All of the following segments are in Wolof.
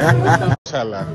macha allah.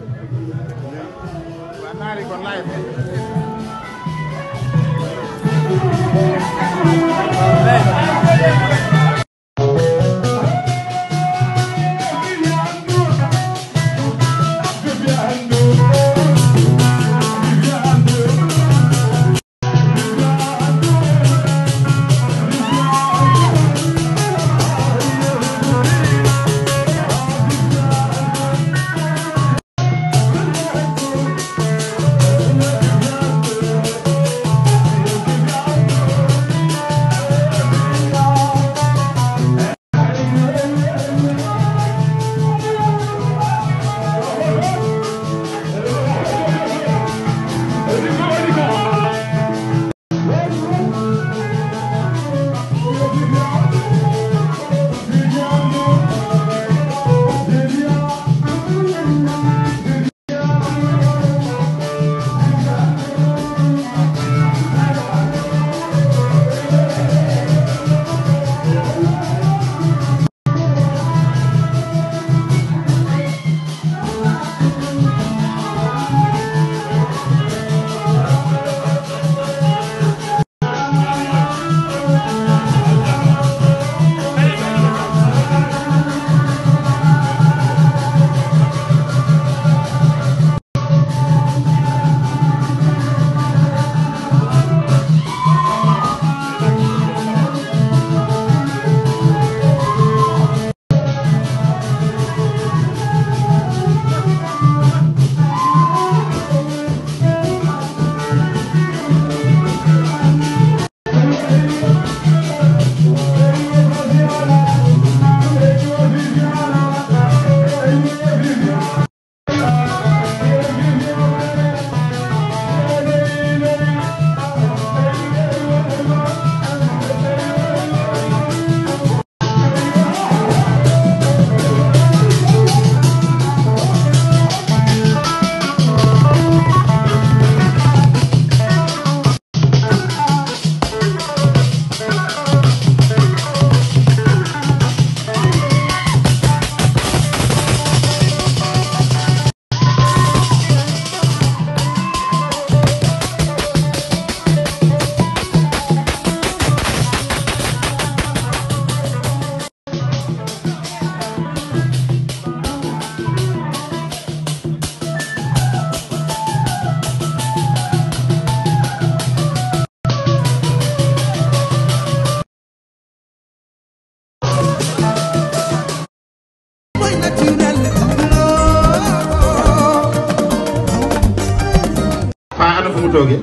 toogee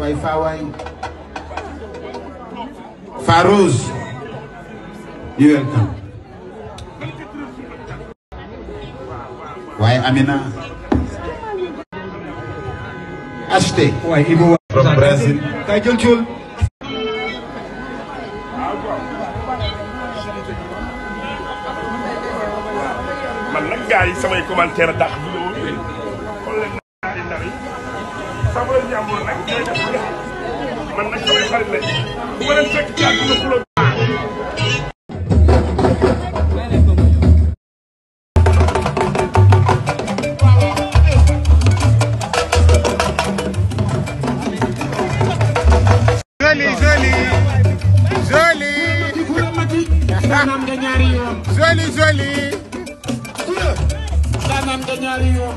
waaye faa waay faa rose you welcome waaye Amina acheté waaye Ibo from Brazil kay jël ciol man nag gars yi samay commentaire dàq sama jàmbur nag ñooy def lu ne man nag samay xarit lañ bu ma leen fekk ci àdduna xuloo joli joli daanam nga ñaari yoon